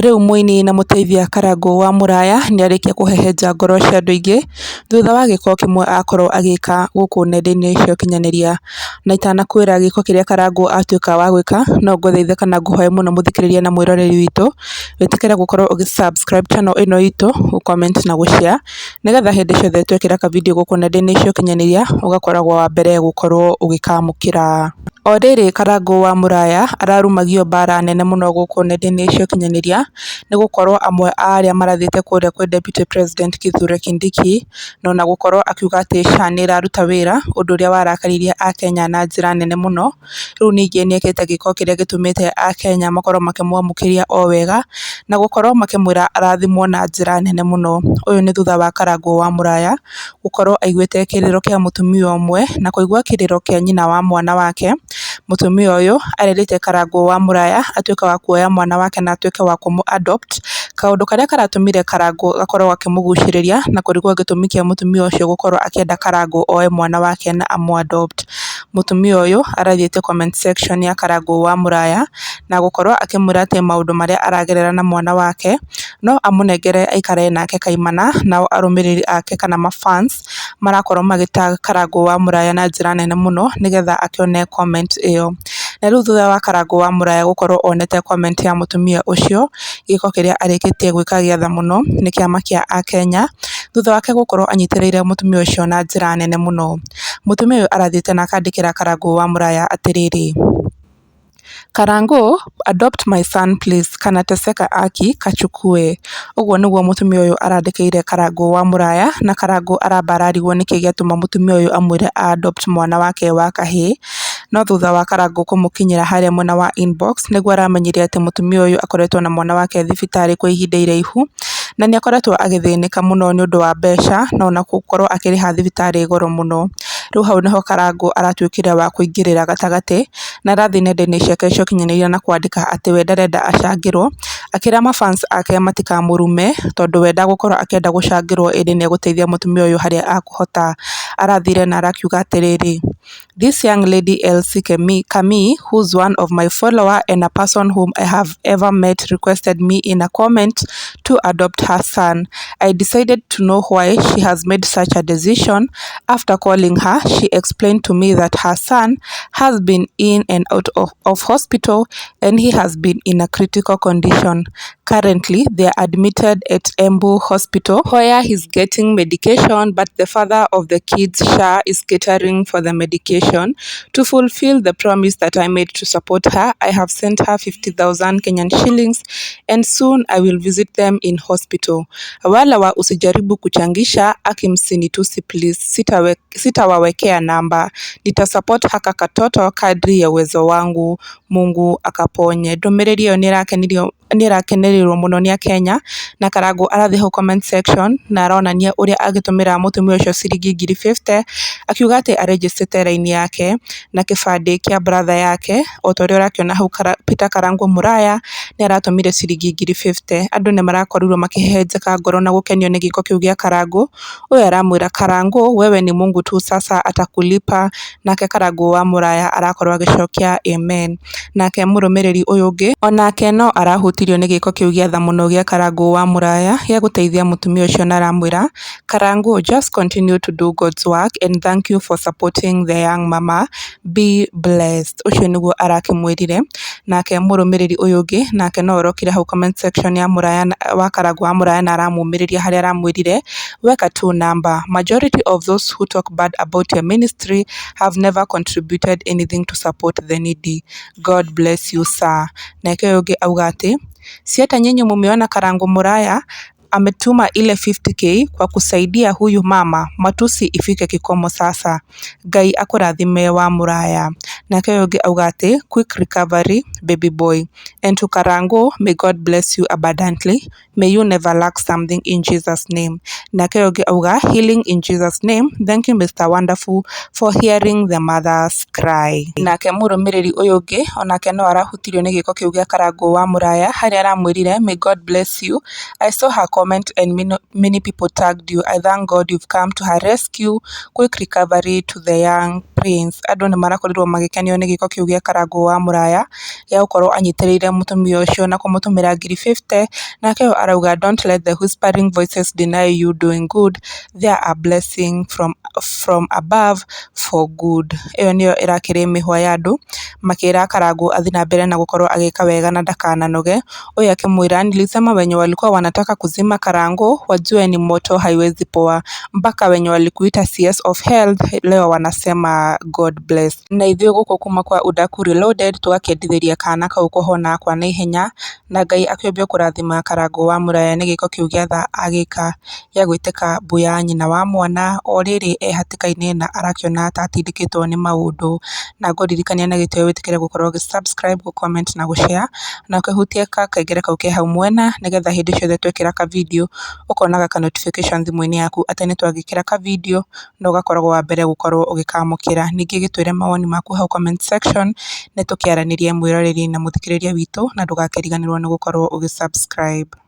Riu muini na muteithia Karangũ wa Muraya niarikia kuhehenja ngoro cia andu aingi thutha wa giko kimwe akorwo agika guku nenda-ini cia ukinyanĩria. Na itanakwĩra gĩko kĩrĩa Karangũ atuĩka wa gwĩka, no ngũthaithe kana ngũhoe mũno mũthikĩrĩria na mwĩroreri witũ, wĩtĩkĩre gũkorwo ũgĩ subscribe channel ĩno itũ, gũ comment na gũ share, nĩgetha hĩndĩ ciothe twekĩra kavindio gũkũ nenda-inĩ cia ũkinyanĩria, ũgakoragwo wa mbere gũkorwo ũgĩkamũkĩra o Orĩrĩ Karangũ wa Muraya ararumagio mbara nene mũno gũkũ nenda-inĩ cia ũkinyanĩria nĩgũkorwo amwe a arĩa marathiĩte kũrĩa kwĩ Deputy President Kithure Kindiki na ona gũkorwo akiuga atĩ SHA nĩĩraruta wĩra ũndũ ũrĩa warakaririe akenya na njĩra nene mũno, rĩu ningĩ nĩekĩte gĩko kĩrĩa gĩtũmĩte akenya makorwo makĩmwamũkĩria o wega na gũkorwo makĩmwĩra arathimwo na njĩra nene mũno. Ũyũ nĩ thutha wa Karangũ wa Muraya gũkorwo aiguĩte kĩrĩro kĩa mũtumia ũmwe na kũigua kĩrĩro kĩa nyina wa mwana wake Mũtumia ũyũ arerĩte Karangũ wa Mũraya atuĩke wa kuoya mwana wake na atuĩke wa kũmũ adopt, kaũndũ karĩa karatũmire Karangũ gakorwo gakĩmũgucĩrĩria na kũrigwo gĩtũmi kĩa mũtumia ũcio gũkorwo akĩenda Karangũ oe mwana wake na amũ adopt mutumia uyu arathiite comment section ya Karangũ wa Muraya na gukorwo akimwira maundu maria aragerera na mwana wake no amunengere aikare nake kaimana nao arumiriri ake kana mafans marakorwo magitag Karangũ wa Muraya na njira nene muno nigetha akione comment iyo na rĩu thutha wa Karangũ wa Muraya gũkorwo onete comment ya mũtumia ũcio, gĩĩko kĩrĩa arĩkĩtie gwĩka gĩa tha mũno nĩ kĩama kĩa akenya, thutha wake gũkorwo anyitĩrĩire mũtumia ũcio na njĩra nene mũno. Mũtumia ũyũ arathiĩte na akandĩkĩra Karangũ wa Muraya atĩrĩrĩ, Karangũ, adopt my son please kana teseka aki kachukue. Ũguo nĩguo mũtumia ũyũ arandĩkĩire Karangũ wa Muraya, na Karangũ aramba ararigwo nĩkĩ gĩatũma mũtumia ũyũ amwĩre a adopt mwana wake wa kahĩĩ, No thutha wa Karangũ kũmũkinyĩra harĩa mwena wa inbox nĩguo aramenyire atĩ mũtumia ũyũ akoretwo na mwana wake thibitarĩ kwa ihinda iraihu na nĩakoretwo agĩthĩnĩka mũno nĩũndũ wa mbeca na ona gũkorwo akĩrĩha thibitarĩ goro mũno. Rĩu hau nĩho Karangũ aratuĩkire wa kũingĩrĩra gatagatĩ na arathiĩ nenda-inĩ ciake cia ũkinyanĩria na kwandĩka atĩ we ndarenda acangĩrwo akĩra mafans ake matikamũrume tondũ wenda gũkorwo akĩenda gũcangĩrwo ĩndĩ nĩegũteithia mũtumia ũyũ harĩa akũhota. Arathire na arakiuga atĩrĩrĩ, This young lady LC kami who's one of my follower and a person whom I have ever met requested me in a comment to adopt her son. I decided to know why she has made such a decision. After calling her, she explained to me that her son has been in and out of, of hospital and he has been in a critical condition. Currently, they are admitted at Embu Hospital where is getting medication but the father of the kids, Shah, is catering for the medication. To fulfill the promise that I made to support her, I have sent her 50,000 Kenyan shillings and soon I will visit them in hospital. Wala wa usijaribu kuchangisha, akimsinitusi please, sitawawekea sita namba. Nitasupport haka katoto kadri ya uwezo wangu. Mungu akaponye. Ndomereri iyo nirake nirio irakenererwo muno ni akenya na Karangu arathiĩ hau comment section na aronania ũrĩa angĩtũmĩra mũtumia ũcio ciringi ngiri fifty akiuga atĩ arĩnjĩcĩte raini yake na kĩbandĩ kia brother yake o ta ũrĩa ũrakĩona hau Peter Karangu Mũraya nĩ aratũmire ciringi ngiri fifty. Andũ nĩ marakorirwo makĩhehenjeka ngoro na gũkenio nĩ gĩko kĩu gĩa Karangu, ũyũ aramwĩra Karangu wewe ni Mungu tu sasa atakulipa nake Karangu wa Mũraya arakorwo agĩcokia amen. Nake mũrũmĩrĩri ũyũ ũngĩ onake no arahutirio nĩ gĩĩko kĩu gĩa tha mũno gĩa Karangũ wa Mũraya gĩa gũteithia mũtumia ũcio na aramwĩra, "Karangũ just continue to do God's work and thank you for supporting the young mama, be blessed" ũguo nĩguo arakĩmwĩrire, nake mũrũmĩrĩri ũyũ ũngĩ nake no orokire hau comment section ya Mũraya wa Karangũ wa Mũraya na aramũmĩrĩria harĩa aramwĩrire, "Weka tu namba, majority of those who talk bad about your ministry have never contributed anything to support the needy, God bless you sir" nake ũyũ ũngĩ auga atĩ Si eti nyinyi mumeona Karangu Muraya ametuma ile 50k kwa kusaidia huyu mama matusi ifike kikomo sasa ngai akurathime wa muraya nake ũyũ ũngĩ auga atĩ quick recovery baby boy and to Karango may god bless you abundantly may you never lack something in jesus name nake ũyũ ũngĩ auga healing in jesus name thank you mr wonderful for hearing the mother's cry nake mũrũmĩrĩri ũyũ ũngĩ onake no arahutirio nĩ giko kĩu gĩa karangu wa muraya harĩa aramwirire may god bless you i saw her comment and many, many people tagged you. I thank God you've come to her rescue. Quick recovery to the young prince. Andå nä marakorirwo magäkenio nä gä ko kä u gä a Karangå wa må raya gä gũkorwo anyitĩrĩire mũtumia ũcio na kũmũtũmĩra ngiri 50 nake arauga don't let the whispering voices deny you doing good there are blessing from, from above for good ĩyo nĩyo ĩrakĩrĩ mĩhwa ya andũ makĩra Karangũ athi na mbere na gũkorwo agĩka wega na ndakananoge ũyũ akĩmwĩra nilisema wenye walikuwa wanataka kuzima kulima Karango wajue ni moto haiwezi poa. Mpaka wenye walikuita CS of Health leo wanasema God bless. Na ithuĩ gũkũ kuma kwa Udaku Reloaded tũgakendithĩria kana kau kũhona kwa naihenya na Ngai akĩũmbio kũrathima Karango wa Mũraya nĩ gĩko kĩu gĩa tha agĩka gĩa gwĩtĩka mbũ nyina wa mwana o rĩrĩ e hatĩka-inĩ na arakĩona ta atindĩkĩtwo nĩ maũndũ. Na ngũririkania na gĩtĩo wĩtĩkĩre gũkorwo ũgĩ-subscribe, gũ-comment na gũ-share na ũkĩhutie ka kengele kau ke hau mwena nĩgetha hĩndĩ ciothe twekĩra ka video video, ũkonaga ka notification thimũ-inĩ yaku atĩ nĩ twagĩkĩra ka video, na ũgakoragwo wa mbere gũkorwo ũgĩkamũkĩra. Ningĩ gĩtwĩre mawoni maku hau comment section, tũkĩaranĩrie mwĩroreri na mũthikĩrĩria witũ, na ndũgakĩriganĩrwo nĩ gũkorwo ũgĩ subscribe.